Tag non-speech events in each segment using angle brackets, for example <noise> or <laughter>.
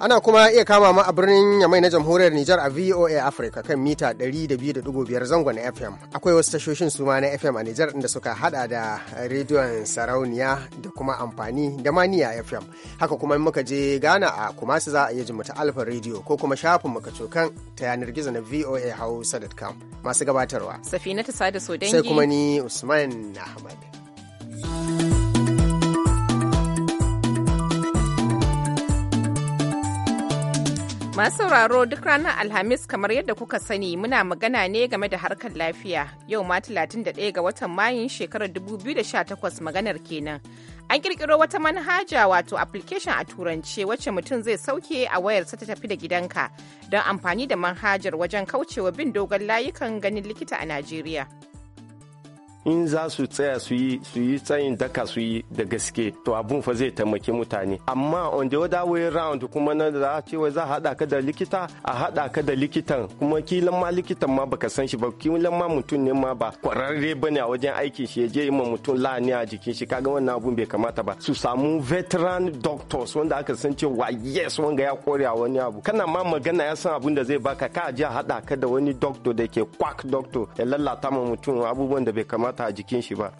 Ana kuma iya kama mu a birnin Yamai na Jamhuriyar Nijar a VOA Africa kan mita 102.5 zangon FM. Akwai wasu tashoshin suma ma na FM a Nijar inda suka hada da rediyon sarauniya da kuma amfani da maniya FM. Haka kuma muka je gana a kuma su za a iya jimata Alfa rediyo ko kuma shafin muka cokan ta yanar gizo na VOA Hausa.com. Masu gabatarwa. Safina ta sada so dangi. Sai kuma ni Usman Ahmad. Masu sauraro duk ranar Alhamis kamar yadda kuka sani muna magana ne game da harkar lafiya yau ma 31 ga watan Mayun shekarar 2018 maganar kenan. An kirkiro wata manhaja wato application a turance wacce mutum zai sauke a wayarsa ta tafi da gidanka don amfani da manhajar wajen kaucewa bin dogon layukan ganin likita a Najeriya. in za su tsaya su yi su yi tsayin daka su yi da gaske to abun fa zai taimaki mutane amma on the other way round kuma na za a ce wai za a hada ka da likita a hada ka da likitan kuma kilan ma likitan ma baka san shi ba kilan ma mutum ne ma ba kwararre bane a wajen aikin shi ya je yi ma mutum la'ani a jikin shi kaga wannan abun bai kamata ba su samu veteran doctors wanda aka san cewa yes wanga ya kore a wani abu kana ma magana ya san abun da zai baka ka je a hada ka da wani doctor da ke quack doctor ya lallata ma mutum abubuwan da bai kamata ta a jikin shi ba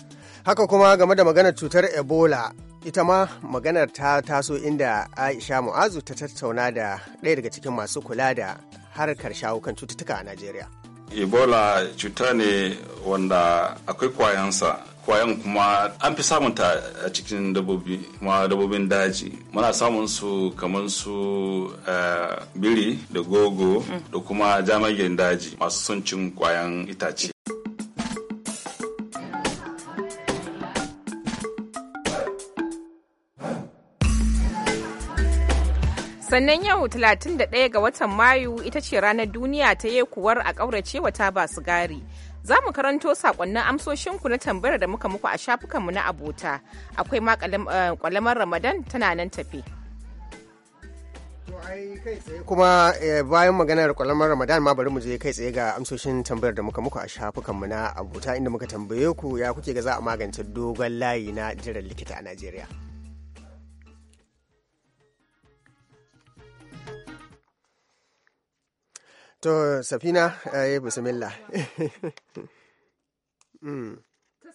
haka kuma game da maganar cutar ebola ita ma maganar ta taso inda aisha mu'azu ta tattauna da ɗaya daga cikin masu kula da harkar shawukan cututtuka a najeriya ebola cuta ne wanda akwai kwayansa kwayan kuma an fi samunta a cikin dabobi kuma dabobin daji muna samun su kamar su eh, biri da gogo da kuma jamagen daji masu son cin kwayan itace sannan yau 31 ga watan mayu ita ce ranar duniya ta yekuwar a ƙaurace wa su gari za mu karanto sakonnin amsoshinku na tambayar da muka muku a shafukanmu na abota akwai ma kwalamar eh, ramadan tana nan tafe kuma eh, bayan maganar kwalamar ramadan ma bari mu je kai tsaye ga amsoshin tambayar da muka muku a shafukanmu na abota inda muka tambaye ku ya kuke ga za a magance dogon layi na jiran likita a najeriya To, Safina, ayi eh, bismillah. <laughs> Mm.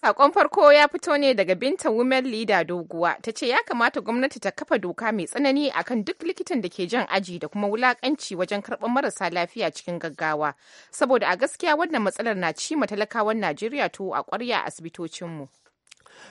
Sakon farko ya fito ne daga Binta Women Leader Doguwa ta ce ya kamata gwamnati ta kafa doka mai tsanani akan duk likitan da ke jan aji da kuma wulakanci wajen karɓar marasa lafiya cikin gaggawa. Saboda a gaskiya wannan matsalar na ci talakawan Najeriya to a ƙwarya asibitocinmu.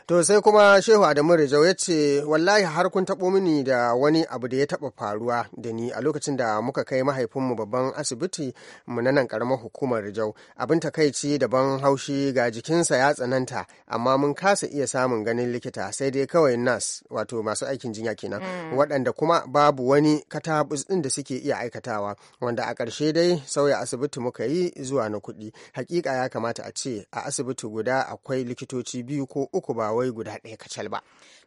To sai kuma Shehu Adamu Rijau ya ce wallahi har kun taɓo mini da wani abu da ya taɓa faruwa da ni a lokacin da muka kai mahaifinmu babban asibiti mu na nan ƙaramar hukumar Rijau. Abin takaici daban haushi ga jikinsa ya tsananta amma mun kasa iya samun ganin likita sai dai kawai nas wato masu aikin jinya kenan hmm. waɗanda kuma babu wani katabus ɗin da suke iya aikatawa wanda a ƙarshe dai sauya asibiti muka yi zuwa na kuɗi. Hakika ya kamata a ce a asibiti guda akwai likitoci biyu ko uku ba ba wai guda ɗaya kacal ba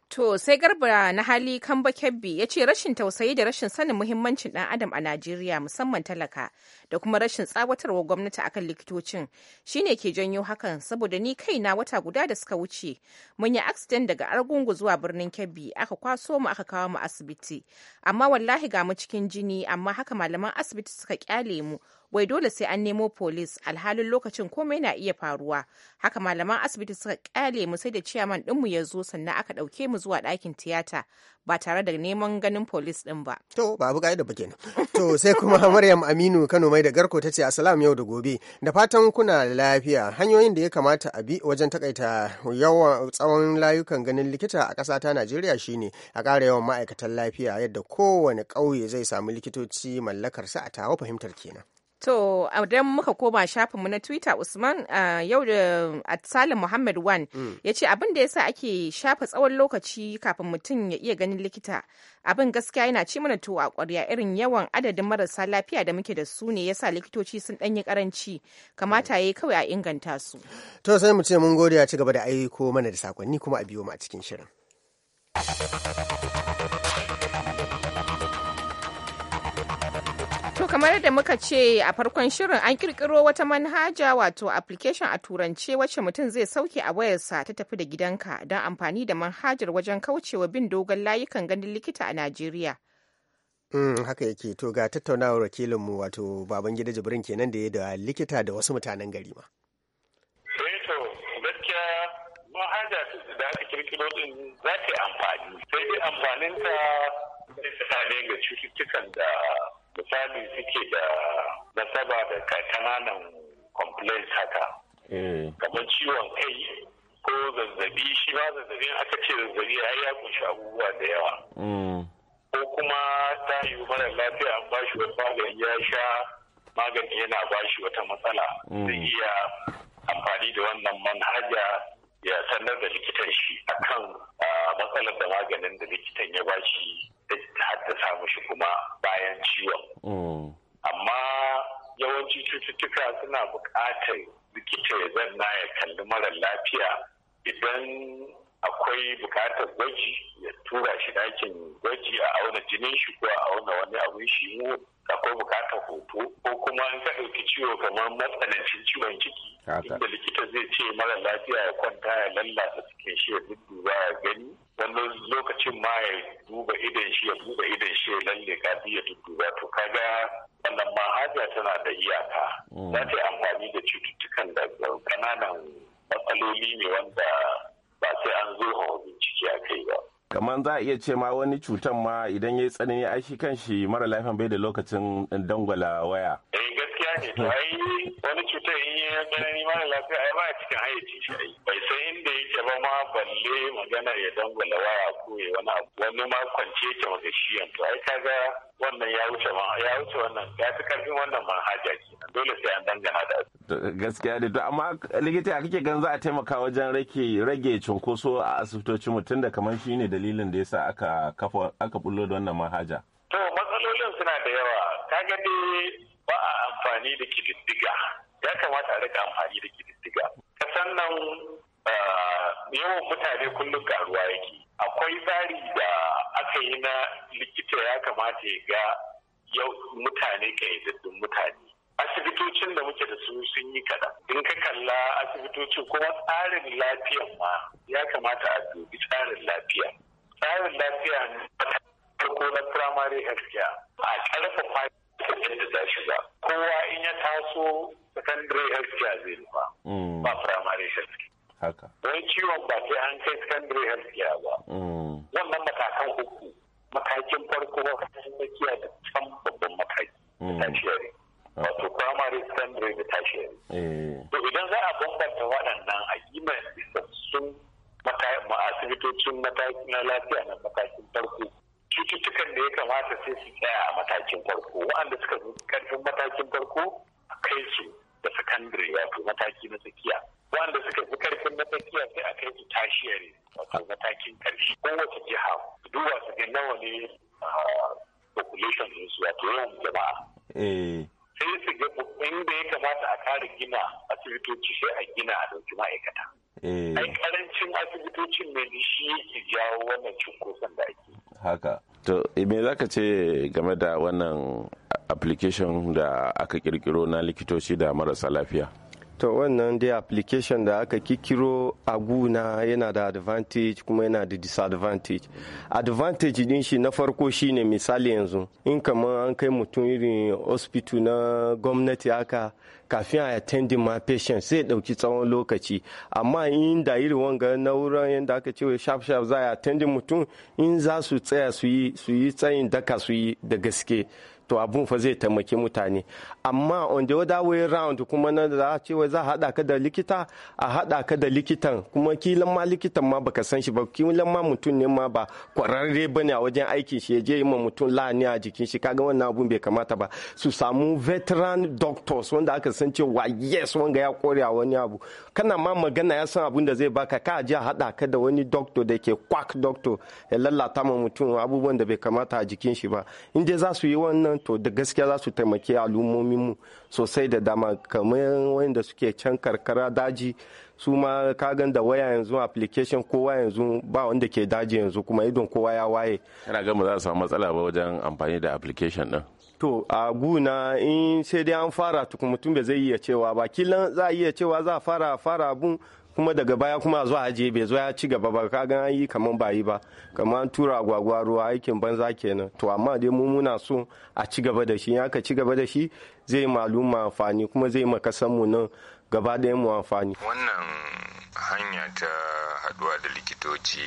To sai garba na hali Kamba Kebbi ya ce rashin tausayi da rashin sanin muhimmancin ɗan adam a Najeriya musamman talaka da kuma rashin tsawatarwa gwamnati akan likitocin shine ke janyo hakan saboda ni kaina wata guda da suka wuce mun yi accident daga argungu zuwa birnin kebbi aka kwaso mu aka kawo mu asibiti amma wallahi ga mu cikin jini amma haka malaman asibiti suka kyale mu wai dole sai an nemo police alhalin lokacin komai na iya faruwa haka malaman asibiti suka kyale mu sai da ciyaman mu ya zo sannan aka dauke mu zuwa ɗakin tiyata ba tare da neman ganin police din ba to babu ba kenan to sai kuma <laughs> maryam aminu kano da Garko ta ce asalam yau da gobe da fatan kuna lafiya hanyoyin da ya kamata a bi wajen takaita yawan tsawon layukan ganin likita a ƙasa ta Najeriya shine a ƙara yawan ma'aikatan lafiya yadda kowane ƙauye zai samu likitoci mallakarsa a tawa fahimtar kenan. To, idan muka koma shafinmu na Twitter Usman yau da Atsalin Muhammad Wan mm. ya ce abin da yasa ake shafa tsawon lokaci kafin mutum ya iya ganin likita. Abin gaskiya yana ci mana to a ƙwarya irin yawan adadin marasa lafiya da muke da su ne yasa likitoci sun ɗanyi karanci Kamata ya yi kawai a inganta su. To sai mu ce mun gode ya ci gaba da aiko mana da sakonni kuma a biyo mu a cikin shirin. kamar da muka ce a farkon shirin an kirkiro wata manhaja wato application a turance wacce mutum zai sauke a wayarsa ta tafi da gidanka don amfani da manhajar wajen kaucewa bin dogon layukan ganin likita a Najeriya. Mm, haka yake to ga tattaunawar wakilinmu wato baban gida jibrin kenan da ya da likita da wasu mutanen gari ma. Eh gaskiya manhaja da aka kirkiro din za ta yi amfani sai dai amfaninta ta ne ga cututtukan da misali suke da nasaba da kananan complaints haka eh. kamar ciwon kai ko zazzabi shi ma zazzabi aka ce zazzabi ya ya kunshi abubuwa da yawa mm. ko kuma ta yi mara lafiya an bashi wata magani ya sha magani yana bashi wata matsala mm. zai iya amfani da wannan manhaja ya sanar da likitan shi akan matsalar da maganin da likitan ya bashi ta haddasa mushi kuma bayan ciwon. Mm. Amma yawanci cututtuka suna bukatar likita ya zanna ya kalli mara lafiya idan akwai bukatar gwaji ya tura shi dakin gwaji a auna jinin shi ko a auna wani abin shi mu akwai bukatar hoto ko kuma an ka ɗauki ciwo kamar matsanancin ciwon ciki inda likita zai ce mara lafiya ya kwanta ya lallata cikin shi ya dudduba ya gani wani lokacin ma ya duba idan shi ya duba idan shi ya lalle kafi ya dudduba to kaga wannan manhaja tana da iyaka mm. za ta yi amfani da cututtukan da ƙananan matsaloli ne wanda ba sai an zo hawa bincike a kai ba kamar za a iya ce ma wani cutan ma idan ya yi tsanani a shi kan shi mara lafiyan bai da lokacin dangwala waya eh gaskiya ne to ai wani cutar in yi tsanani mara lafiya ai ba cikin hayyaci shi bai san inda yake ba ma balle magana ya dangwala waya ko ya wani abu wani ma kwance ke maka shi yanzu ai kaga wannan ya wuce ya wuce wannan ya fi karfin wannan manhaja kenan dole sai an dangana da gaskiya da to amma likita kake gan za a taimaka wajen rage rage cunkoso a asibitocin mutum da kamar shine dalilin da yasa aka kafa aka bullo da wannan manhaja to matsalolin suna da yawa kaga dai ba a amfani da kididdiga ya kamata a rika amfani da kididdiga kasan nan Eh, yawan mutane kullum karuwa yake akwai tsari da aka yi na likita ya kamata ya ga yau mutane kayyadaddun mutane asibitocin da muke da su sun yi kaɗan in ka kalla asibitocin kuma tsarin lafiyan ma ya kamata a dubi tsarin lafiya tsarin lafiya farko na primary health care a ƙarfafa yadda za shi ba kowa in ya taso secondary health care zai nufa ba mm. primary health care haka wai ciwon ba sai an kai secondary health care ba mm. wannan matakan uku matakin farko matakin tsakiya da can babban mataki mm. tertiary ah. wato primary secondary da tertiary eh. to idan za a bambanta waɗannan a kimar sun asibitocin mataki na lafiya na matakin farko cututtukan da ya kamata sai su tsaya a matakin farko waɗanda suka zo karfin matakin farko a kai su da secondary wato mataki na tsakiya waɗanda suka fi matakin matakiya sai a kai su tashiyari wato matakin karshe kowace jiha duba su ga nawa ne ah, population din su wato yawan jama'a eh. sai su ga da ya kamata a kare gina asibitoci sai a gina a ɗauki ma'aikata eh. ai karancin asibitocin ne shi yake jawo wannan cunkoson da ake haka to me za ka ce game da wannan application da aka kirkiro na likitoci da marasa lafiya to wannan dai application da aka kikiro a guna yana da advantage kuma yana da disadvantage advantage din shi na farko shine misali yanzu in kamar an kai mutum irin hospital na gwamnati aka kafin a attending ma patient sai dauki tsawon lokaci amma in da irin wanga na wurin yadda aka ce sharp sharp za a attending mutum in za su tsaya su yi tsayin daka su yi da gaske to abun fa zai taimaki mutane amma on the other way round kuma na za a ce za hada ka da likita a hada ka da likitan kuma kilan ma likitan ma baka san shi ba kilan ma mutum ne ma ba kwararre bane a wajen aikin shi ya je yi ma mutum lahani a jikin shi kaga wannan abun bai kamata ba su samu veteran doctors wanda aka san cewa yes wanga ya kore a wani abu kana ma magana ya san abun da zai baka ka je a hada ka da wani doctor da ke kwak doctor ya lalata ma mutum abubuwan da bai kamata a jikin shi ba in dai za su yi wannan to da gaskiya za su taimaki mu sosai da dama kamar wanda suke can karkara daji su ma kagan da waya yanzu application kowa yanzu ba wanda ke daji yanzu kuma idon kowa ya waye kana ga za a samu matsala ba wajen amfani da application din to a guna in sai dai an fara tukun mutum bai zai iya cewa ba kilan za a iya cewa za a fara fara abun kuma daga baya kuma a zuwa haje bai zo ya ci gaba ba ka gan yi kaman ba yi ba kaman an tura agwagwa ruwa aikin banza kenan to amma dai mu muna so a ci gaba da shi in aka ci gaba da shi zai maluma amfani kuma zai maka san mu nan gaba ɗaya mu amfani wannan hanya ta haduwa da likitoci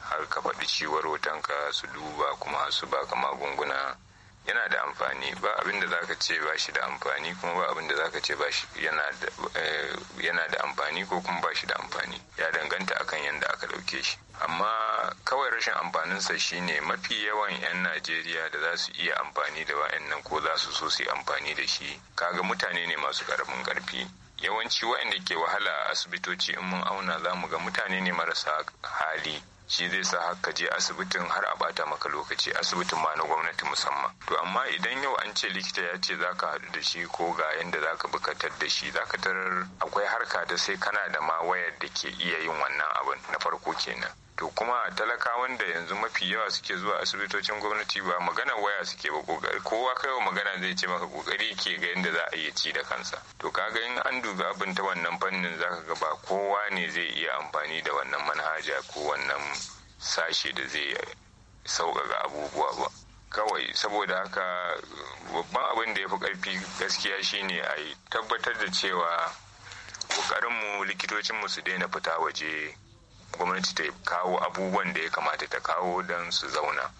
har ka faɗi ciwar wutanka su duba kuma su baka magunguna yana da amfani ba abin da zaka ce ba shi da amfani kuma ba abin da zaka ce ba shi yana da eh, amfani ko kuma ba shi da amfani ya danganta akan yadda aka dauke shi amma kawai rashin amfaninsa shine mafi yawan 'yan najeriya da za su iya amfani da wa'annan ko za su so su yi amfani da shi kaga mutane ne masu karamin karfi yawanci wa'anda ke wahala a asibitoci in mun auna za mu ga mutane ne marasa hali shi zai sa haka je asibitin har a bata maka lokaci asibitin ma na gwamnati musamman to amma idan yau an ce likita ya ce zaka haɗu da shi ko ga yanda zaka bukatar da shi zaka tarar akwai harka da sai kana da ma wayar da ke iya yin wannan abin na farko kenan to kuma a talakawan da yanzu mafi yawa suke zuwa asibitocin gwamnati ba magana waya suke ba kokari kowa kaiwa magana zai ce maka kokari ke ga yadda za a iya ci da kansa to kaga in an duba abin ta wannan fannin zaka ga ba kowa ne zai iya amfani da wannan manhaja ko wannan sashe da zai sauƙaƙa abubuwa ba kawai saboda haka babban abin da ya fi ƙarfi gaskiya shine a tabbatar da cewa ƙoƙarinmu likitocinmu su daina fita waje gwamnati ta kawo abubuwan da ya kamata ta kawo don su zauna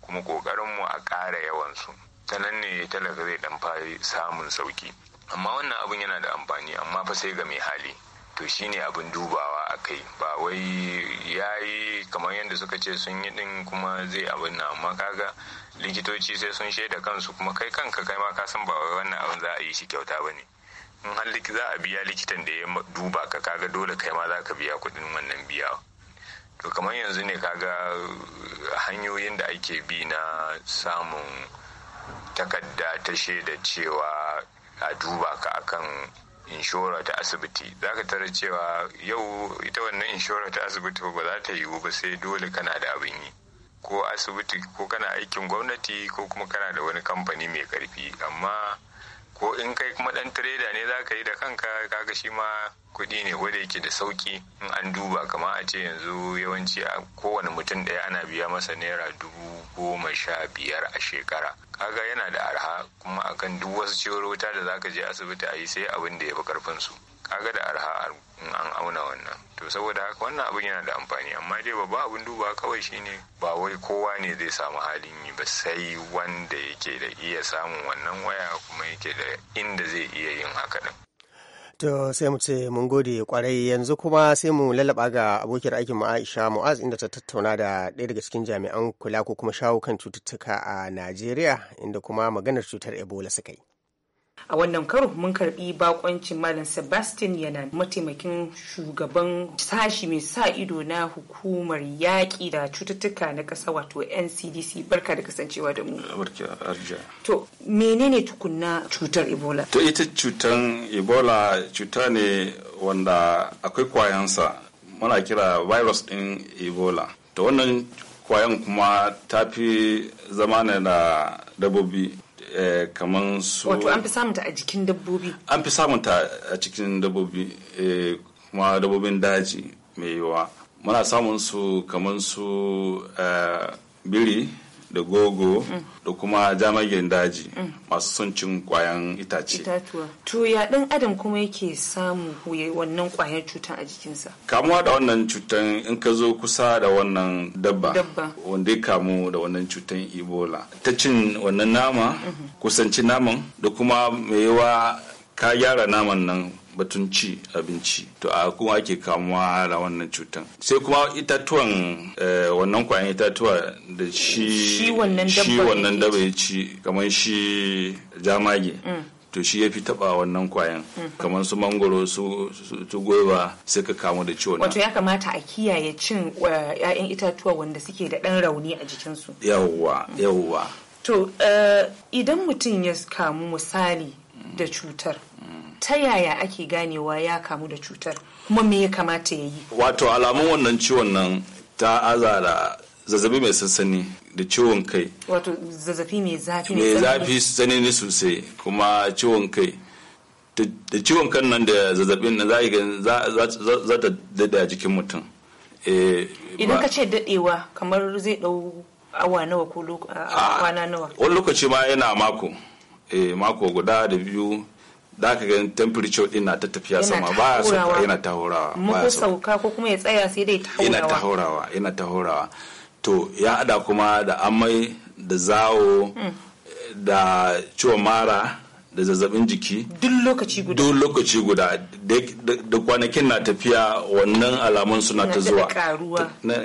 kuma ƙoƙarinmu a kara yawansu ta nan ne talaka zai ɗan fari samun sauki amma wannan abun yana da amfani amma fa sai ga mai hali to shine abin dubawa a kai ba wai ya yi kamar yadda suka ce sun yi din kuma zai abin na amma kaga likitoci sai sun shaida kansu kuma kai kanka kai ma ka san ba wannan abin za a yi shi kyauta ba ne in har za a biya likitan da ya duba ka kaga dole kai ma za ka biya kuɗin wannan biya to kamar yanzu ne kaga hanyoyin da ake bi na samun takarda ta shaida cewa a duba ka akan inshora ta asibiti za ka tara cewa yau ita wannan inshora ta asibiti ba za ta yiwu ba sai dole kana da abin yi ko asibiti ko kana aikin gwamnati ko kuma kana da wani kamfani mai karfi amma ko in kai kuma dan tireda ne za ka yi da kanka kaga shi ma kuɗi ne wanda yake da sauki in an duba kama a ce yanzu yawanci a kowane mutum ɗaya ana biya masa naira dubu goma sha biyar a shekara kaga yana da arha kuma akan duk wasu wuta da za ka je asibiti a yi sai abin da ya fi karfin su kaga da arha in an auna wannan to saboda haka wannan abin yana da amfani amma dai babba abin duba kawai shine ba wai kowa ne zai samu halin yi ba sai wanda yake da iya samun wannan waya kuma yake da inda zai iya yin haka din To sai mu ce mun gode kwarai yanzu kuma sai mu lalaba ga abokiyar aikin mu Aisha Mu'az inda ta tattauna da ɗaya daga cikin jami'an kula ko kuma shawo kan cututtuka a Najeriya inda kuma maganar cutar Ebola suka yi. a wannan karo mun karbi bakoncin malam sebastian yana mataimakin shugaban sashi mai sa ido na hukumar yaƙi da cututtuka na ƙasa wato ncdc barka da kasancewa da mu to menene tukunna cutar ebola to ita cutar ebola cuta ne wanda akwai kwayansa muna kira virus ɗin ebola to wannan kwayan kuma ta fi zama da dabbobi Eh, kamar su wato an fi samunta a jikin dabbobi an fi samunta a cikin dabbobi eh, kuma dabbobin daji mai yiwa muna samun su kamar su eh, biri da gogo da kuma jamagen daji masu son cin kwayan itace to ya dan adam kuma yake samu huye wannan kwayan cutan a jikinsa kamuwa da wannan cutan in ka zo kusa da wannan dabba wanda ya kamu da wannan cutan ebola ta cin wannan nama mhm. kusanci naman da kuma mai yawa ka gyara naman nan batun ci abinci to a kuma ake kamuwa da wannan cutan sai kuma itatuwan eh, wannan kwayan itatuwa da shi wannan daba ya ci kamar shi jamage mm. to shi ya fi taba wannan kwayan mm. kamar su mangoro su goba sai ka kamu da ciwon wato ya kamata a kiyaye cin eh, 'ya'yan itatuwa wanda suke da ɗan rauni a jikinsu yawwa mm. yawwa to eh, idan mutum ya kamu misali da cutar ta yaya ake ganewa ya kamu da cutar kuma me ya kamata ya yi wato alamun wannan ciwon nan ta azara zazzabi mai sassani da ciwon kai wato zazzabi mai zafi mai zafi sanini sosai kuma ciwon kai da ciwon kan nan da zazzabin nan za ta dade a jikin mutum eh, idan ka ce daɗewa kamar zai ɗau awa nawa ko kwana nawa wani lokaci ma yana mako eh, mako guda da biyu da aka gani temperature din na ta tafiya sama ba ya sauka yana ta horawa ba ya sauka ko kuma ya tsaya sai dai ta horawa yana ta horawa yana ta horawa to ya ada kuma da amai da zawo hmm. da ciwo mara da zazzabin jiki duk lokaci guda duk lokaci guda da kwanakin na tafiya wannan alamun suna ta zuwa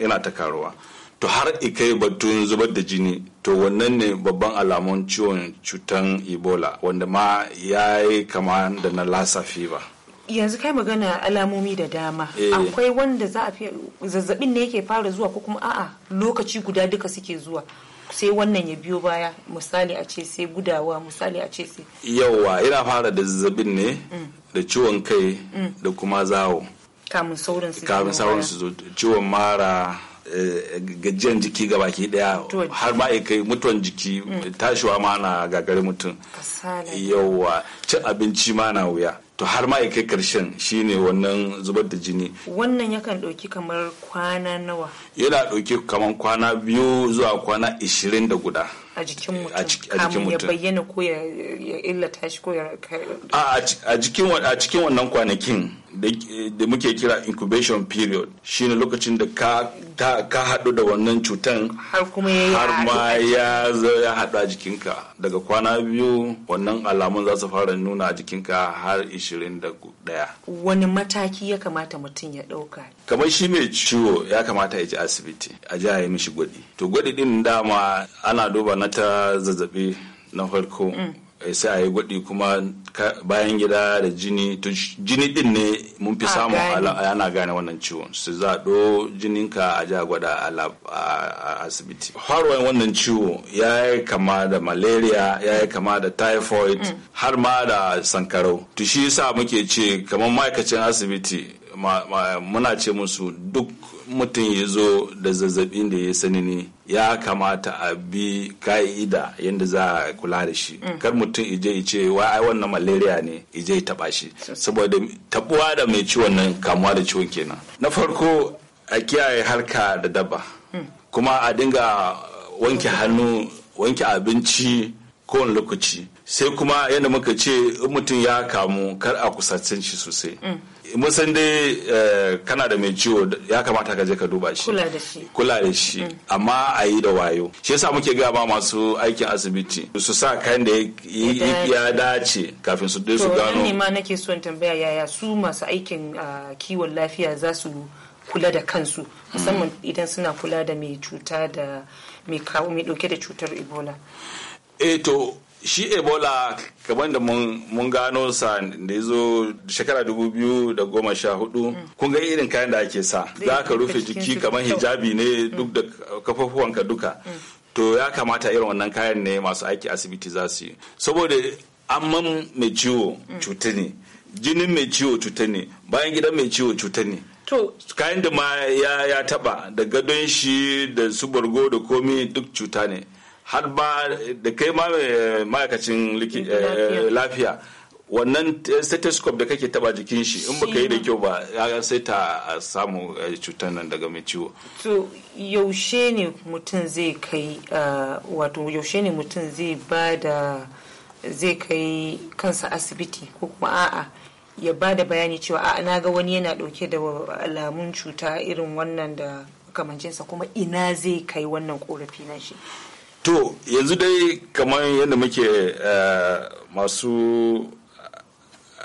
yana ta karuwa to har ikai batun zubar da jini to wannan ne babban alamun ciwon cutan ebola wanda ma ya yi kama da na lassa fever yanzu kai magana alamomi da dama eh. akwai wanda za a fi zazzabin ne yake fara zuwa ko kuma a'a lokaci guda duka suke zuwa sai wannan ya biyo baya misali a ce sai gudawa misali a ce sai yauwa yana fara da zazzabin ne mm. da ciwon kai mm. da kuma zawo kamun sauran su zo ciwon mara Eh, gajiyan jiki ga baki daya har ma kai mutuwan jiki mm. tashiwa ma na gagari mutum yauwa cin abinci ma na wuya to har ma kai karshen shine wannan zubar da jini wannan yakan ɗauki kamar kwana nawa yana ɗauki kamar kwana biyu zuwa kwana ishirin da guda a jikin mutum kamun ya bayyana ko ya illata shi ko ya a cikin wannan kwanakin da muke kira incubation period shine lokacin da ka ka haɗu da wannan cutan har ma ya ya haɗu jikinka daga kwana biyu wannan alamun za su fara nuna a jikinka har 21 wani mataki ya kamata mutum ya ɗauka kamar shi mai ciwo ya kamata ya ji asibiti a ji a mishi gwadi to gwadi ɗin dama ana duba na ta zazzabi na farko mm. sai a yi gwaɗi kuma bayan gida da jini to jini din ne mun fi samu ana gane wannan ciwon su za jinin ka a ja gwada a asibiti harwayin wannan ciwo ya yi kama da malaria ya yi kama da typhoid mm. har ma da sankarau to shi yasa muke ce kamar ma'aikacin asibiti muna ce musu duk mutum ya zo da zazzabin da ya sani ne ya kamata a bi ka'ida yadda za a kula da shi mm. kar mutum ije ce wa ai wannan malaria ne ije ya taba shi saboda tabuwa da mai ciwon nan kamuwa da ciwon kenan na farko a kiyaye harka da daba mm. kuma a dinga wanke hannu wanke abinci kowane lokaci sai kuma yadda muka ce mutum ya kamu kar a kusacin shi sosai mm. musan dai eh, kana da mai ciwo ya kamata ka je ka duba shi kula da shi kula da shi mm. amma a yi da wayo shi yasa muke ga ba masu aikin asibiti su sa kayan da ya dace kafin su dai su gano to ne ma nake son tambaya yaya su masu aikin ah, kiwon lafiya za su kula da kansu musamman mm. idan suna kula da mai cuta da mai kawo mai dauke da cutar ebola eh shi ebola kamar da mun gano sa da ya zo shekara hudu kun ga irin kayan da ake sa za ka rufe jiki kamar hijabi ne mm. duk da kafafuwanka duka mm. to ya kamata irin wannan kayan ne masu aiki asibiti za su yi saboda amman mai ciwo mm. cuta ne jinin mai ciwo cuta ne bayan gidan mai ciwo cuta ne kayan da ma ya, ya taba da gadon shi da su bargo da komi duk cuta ne. har ba da kai ma ma'aikacin eh, lafiya wannan eh, stethoscope da kake taba jikin shi in baka yi da kyau ba sai ta samu eh, cutar nan daga mai ciwo to yaushe ne mutum zai kai wato yaushe ne mutum zai ba da zai kai kansa asibiti ko kuma a'a ya ba da bayani cewa a'a na ga wani yana dauke da alamun cuta irin wannan da kamancinsa kuma ina zai kai wannan korafi na shi to yanzu dai kamar yadda muke eh, masu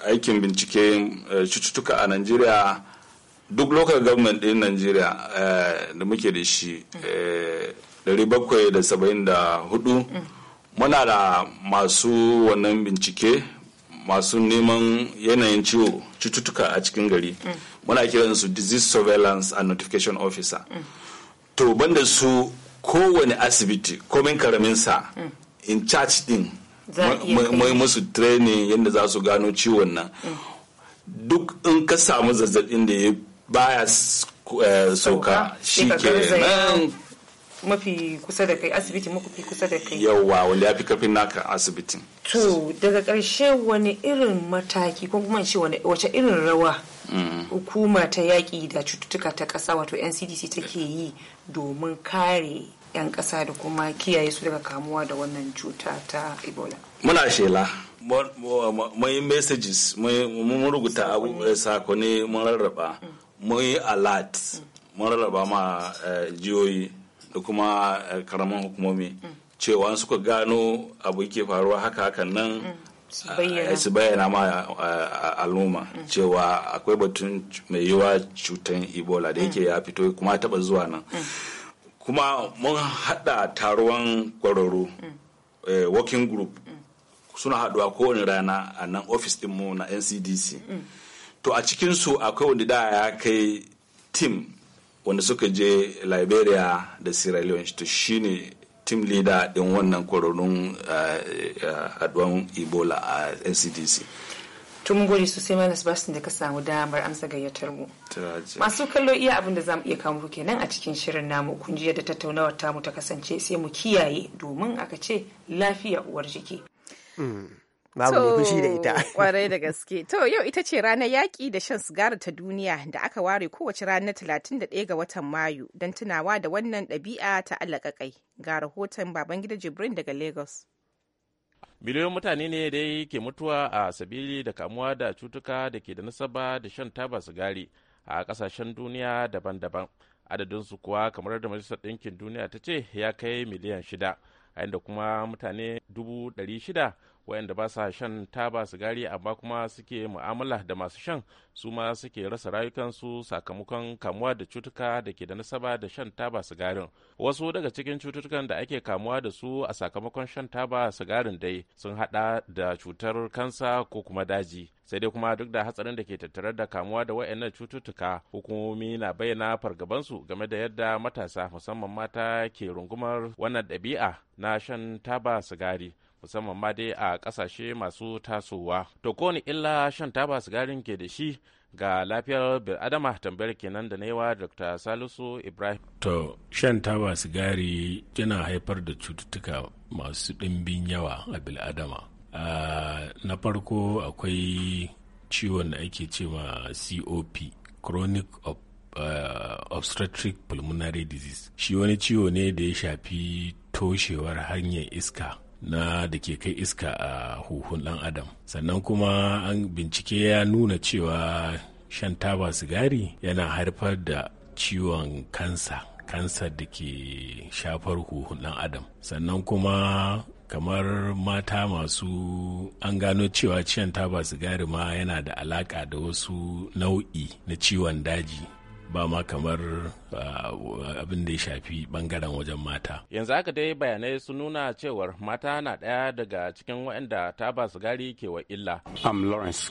aikin bincike eh, cututtuka a najeriya duk local government din najeriya eh, da muke da shi 774 muna da masu wannan bincike masu neman yanayin ciwo cututtuka a cikin gari muna kiransu disease surveillance and notification officer to banda su kowane asibiti komin karaminsa in charge din mai musu training yadda za su gano ciwon nan mm. duk in ka samu zazzabin da ya baya eh, sauka shi ke nan mafi kusa da kai asibiti mafi kusa da kai yawa wanda ya fi karfin naka asibitin to daga karshe wani irin mataki ko kuma wani wace irin rawa hukuma ta yaƙi da cututtuka ta ƙasa wato ncdc take yi domin kare 'yan ƙasa da kuma kiyaye su daga kamuwa da wannan cuta ta ebola muna shela mai messages mun rubuta ne eh, mun rarraba mm. mun yi alert mm. mun rarraba ma eh, jihohi da kuma karaman eh, hukumomi mm. cewa suka gano abu ke faruwa haka hakan nan Eh, su bayyana ma eh, al'umma mm. cewa akwai batun mai yiwa cutan ebola da yake mm. ya fito kuma taba zuwa nan mm. kuma mun hada taruwan kwararru eh, working group suna haduwa kowane rana a nan ofis dinmu na ncdc to a cikinsu akwai wanda da ya kai tim wanda suka je liberia da sierra leone to shine team leader din wannan kwararrun eh, eh, haduwan ebola a ncdc tun mun gode sosai mana Sebastian da ka samu damar amsa gayyatar mu. Masu kallo iya abin da zamu iya kawo muku kenan a cikin shirin namu kun ji yadda tattaunawar tamu ta kasance sai mu kiyaye domin aka ce lafiya uwar jiki. Hmm. babu ne fushi da ita. Kwarai da gaske. To yau ita ce ranar yaƙi da shan sigara ta duniya da aka ware kowace ranar ɗaya ga watan Mayu don tunawa da wannan ɗabi'a ta alaƙaƙai. Ga rahoton baban gida Jibrin daga Lagos. Miliyoyin mutane ne dai ke mutuwa a sabili da kamuwa da cutuka da ke da nasaba da shan taba sigari a ƙasashen duniya daban-daban. Adadinsu kuwa kamar da Majalisar Ɗinkin Duniya ta ce ya kai miliyan shida, a inda kuma mutane dubu ɗari shida wayanda ba sa shan taba sigari amma kuma suke mu'amala da masu shan su ma suke rasa rayukansu sakamakon kamuwa da cutuka da ke da nasaba da shan taba sigarin wasu daga cikin cututtukan da ake kamuwa da su a sakamakon shan taba sigarin dai sun hada da cutar kansa ko kuma daji sai dai kuma duk da hatsarin da ke tattare da kamuwa da wayannan cututtuka hukumomi na bayyana fargabansu game da yadda matasa musamman mata ke rungumar wannan ɗabi'a na shan taba sigari musamman ma dai a kasashe masu tasowa to kowane illa shan taba sigarin ke da shi ga lafiyar adama tambayar kenan da naiwa dr salisu ibrahim to shan taba sigari yana haifar da cututtuka masu ɗimbin yawa a bil'adama na farko akwai ciwon da ake cewa cop chronic of uh, obstetric pulmonary disease shi wani ciwo ne da ya shafi toshewar hanyar iska na da ke kai iska a huhun dan adam sannan kuma an bincike ya nuna cewa shan taba sigari yana haifar da ciwon kansa kansa da ke shafar huhun dan adam sannan kuma kamar mata masu an gano cewa ciyan taba sigari ma yana da alaka da wasu nau'i na ciwon daji ba ma kamar abin da ya shafi bangaren wajen mata yanzu haka dai bayanai sun nuna cewar mata na ɗaya daga cikin waɗanda ke wa illa i'm lawrence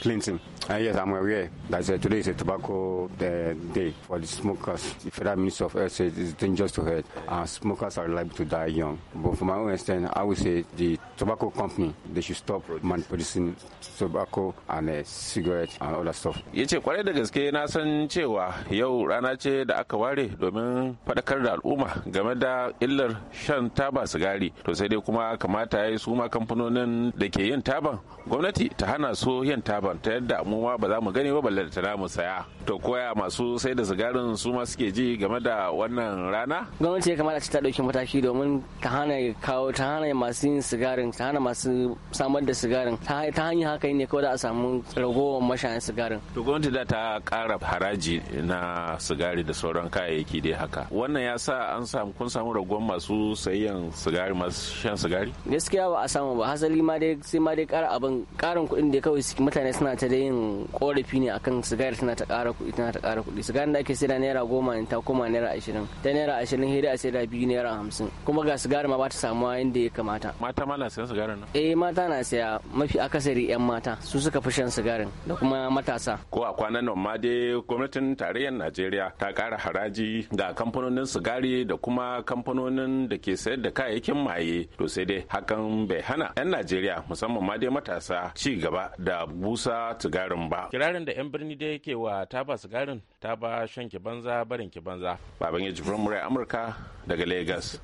clinton uh, yes i'm aware that uh, today is a tobacco uh, day for the smokers the federal minister of health says it's dangerous to health uh, smokers are liable to die young but from my own extent i would say the tobacco company they should stop man producing tobacco and uh, and and other stuff yace kwarai da gaske na san cewa yau rana ce da aka ware domin faɗakar da al'umma game da illar shan taba sigari to sai dai kuma kamata ya yi su ma kamfanonin da ke yin taban gwamnati ta hana su yin taban ta yadda mu ma ba za mu gani ba balle ta mu saya to koya masu sai da sigarin su ma suke ji game da wannan rana gwamnati ya kamata ta ɗauki mataki domin ta hana kawo ta hana masu yin sigarin ta hana masu samar da sigarin ta hanyar haka ne kawai za a samu ragowar mashayan sigarin to gwamnati da ta ƙara haraji na sigari da sauran kayayyaki dai haka wannan ya sa an samu kun samu ragon masu sayan sigari masu shan sigari gaskiya ba a samu ba hasali ma dai sai ma dai kara abin karin kuɗin da kawai mutane suna ta da yin korafi ne akan sigari tana ta kara kuɗi tana ta kara kuɗi sigarin da ake sai da naira goma ne ta koma naira ashirin ta naira ashirin hira a sai da biyu naira hamsin kuma ga sigari ma ba ta samuwa yadda ya kamata mata ma na sayan sigarin nan eh mata na saya mafi akasari yan mata su suka fi shan sigarin da kuma matasa ko a kwanan nan ma dai gwamnatin tarayyar najeriya ta kara ƙara haraji ga kamfanonin sigari da kuma kamfanonin da ke sayar da kayayyakin maye to sai dai hakan bai hana 'yan najeriya musamman ma dai matasa ci gaba da busa sigarin ba kirarin da 'yan birni dai ke wa taba sigarin ta ba shan ki banza barin ki banza baban ya jibrin murai amurka daga lagos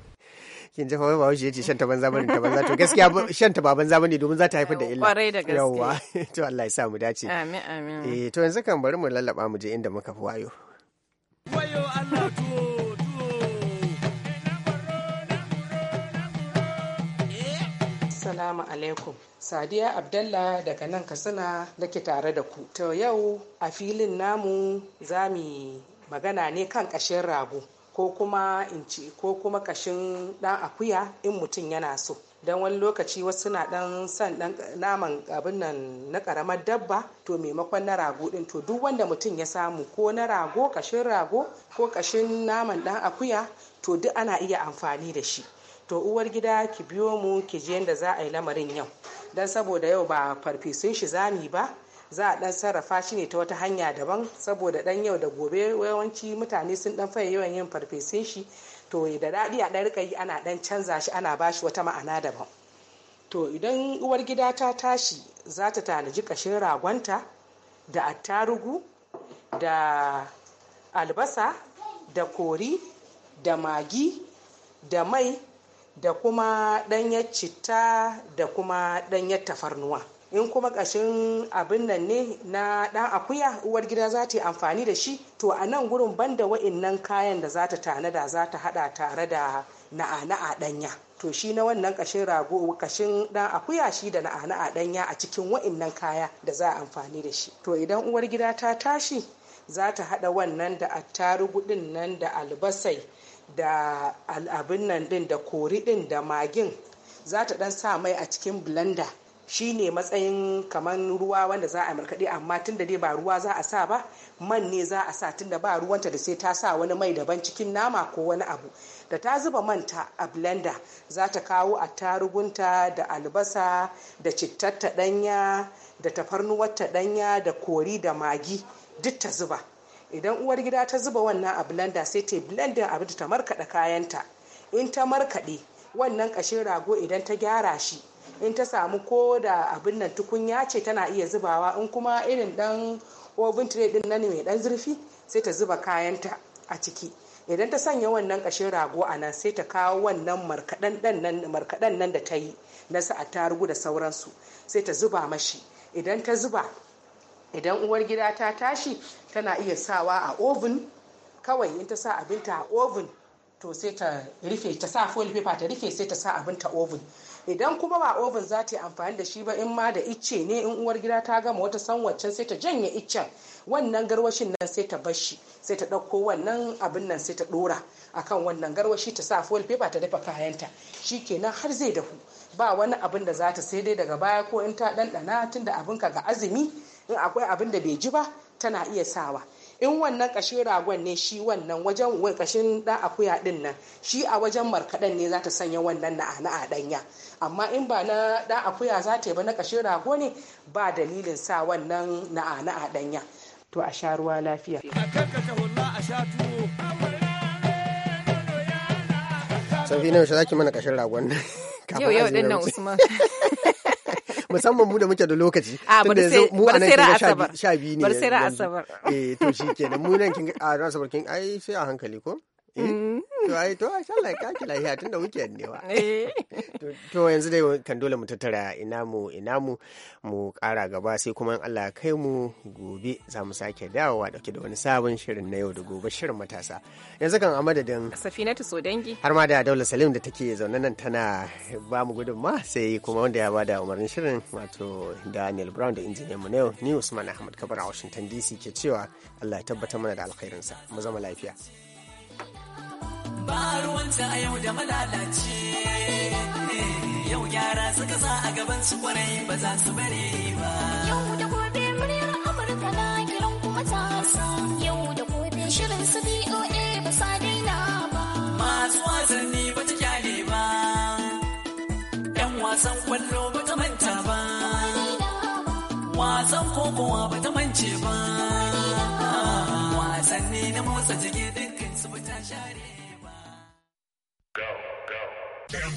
kin wai ba wuce yace shan ta banza bane ta banza to gaskiya shan ta ba banza bane domin za ta haifar da illa kwarai da gaske yawa <laughs> to Allah ya sa mu dace amin amin eh to yanzu kan bari mu lallaba mu je inda muka fi wayo Assalamu alaikum. Sadiya Abdallah daga nan Katsina nake tare da ku. To yau a filin namu za mu magana ne kan kashin rago ko kuma in ce ko kuma ƙashin ɗan akuya in mutum yana so. dan wani lokaci wasu na ɗan son ɗan naman abin nan na karamar dabba to maimakon na rago ɗin to duk wanda mutum ya samu ko na rago kashin rago ko kashin naman ɗan akuya to duk ana iya amfani da shi. to uwar gida ki biyo mu ki je yadda za a yi lamarin yau don saboda yau ba farfesun shi zami ba za a dan sarrafa shi ne ta wata hanya daban saboda dan yau da gobe yawanci mutane sun dan faye yawan yin farfesun shi to da daɗi a ɗan yi ana dan canza shi ana bashi wata ma'ana daban to idan uwar gida ta tashi za ta tanaji ƙashin ragonta da attarugu da albasa da kori da magi da mai da kuma ɗanyar citta da kuma ɗanyar tafarnuwa in kuma ƙashin abin nan ne na ɗan akuya uwar gida za ta yi amfani da shi to a nan gurin banda wa'innan kayan da za ta da, za ta haɗa tare da na'ana'a a ɗanya to shi na wannan ƙashin rago ƙashin ɗan akuya shi da na'ana a ɗanya a cikin wa'innan kaya da za a amfani da shi to idan uwar gida ta tashi za ta haɗa wannan da attarugu ɗin nan da albasai da al'abin nan din da kori din da magin za ta dan sa mai a cikin blender shi ne matsayin kamar ruwa wanda za a markaɗe amma tun da dai ba ruwa za a sa ba man ne za a sa tun da ba ruwanta da sai ta sa wani mai daban cikin nama ko wani abu da ta zuba manta a blender za ta kawo a tarugunta da albasa da cittatta ɗanya da tafarnuwar ɗanya da kori da magi duk ta zuba idan uwar gida ta zuba wannan a blender sai ta blending abin ta markaɗa kayanta in ta markaɗe wannan ƙashin rago idan ta gyara shi in ta samu ko da abin nan tukunya ce tana iya zubawa in kuma irin dan oven tray din nan mai dan zurfi sai ta zuba kayanta a ciki idan ta sanya wannan ƙashin rago a nan sai ta kawo wannan markaɗen nan da ta yi na ta rugu da sauransu sai ta zuba mashi idan ta zuba idan uwar gida ta tashi tana iya sawa a oven kawai in ta sa abinta a oven to sai ta rufe ta sa foil paper ta rufe sai ta sa abinta oven idan kuma ba oven za ta yi amfani da shi ba in ma da icce ne in uwar gida ta gama wata san sai ta janye iccen wannan garwashin nan sai ta bar shi sai ta ɗauko wannan abin nan sai ta ɗora akan wannan garwashi ta sa foil paper ta dafa kayanta shi kenan har zai dahu ba wani abin da za ta sai dai daga baya ko in ta ɗanɗana tun da abinka ga azumi in akwai abin da bai ji ba tana iya sawa in wannan kashin ragon ne shi wannan wajen kashin dan akuya din nan shi a wajen markaɗan ne za ta sanya wannan na na ɗanya amma in ba na dan akuya za ta yi ba na kashin rago ne ba dalilin sa wannan na na ɗanya to a sha ruwa lafiya ne yaushe za ki mana kashin ragon yau yau din nan Usman <laughs> musamman mu da muke da lokaci <laughs> ah, tunda yanzu mu a nan kinga sha biyu ne bari sai asabar eh to shikenan mu nan kinga a asabar kin ai sai a hankali ko Eh? Mm. To ai to insha Allah ka kila lafiya tunda weekend ne wa. Eh. <laughs> To yanzu dai kan dole mu tattara ina mu ina mu mu kara gaba sai kuma in Allah kai mu gobe za mu sake dawowa dauke da wani sabon shirin na yau da gobe shirin matasa. Yanzu kan a madadin Safinatu Sodangi har ma da Daula Salim da take zaune nan tana ba mu gudunma sai kuma wanda ya bada umarnin shirin wato Daniel Brown da injiniyan mu na yau ni Usman Ahmad Kabar a Washington DC ke cewa Allah ya tabbatar mana da alkhairinsa mu zama lafiya. Ba ruwanta a yau da malalace, yau gyara suka sa a gaban su kwarai ba za su bare ba. Yau da gobe muryar Amurka na kiran kuma matasa, yau da gobe shirin su BOA ba sa daina ba. Masu wasanni ba ta kyale ba, 'yan wasan kwallo ba ta manta ba. Wasan kokowa ba ta mance ba, wasanni na motsa jiki dukkan. share Go, go.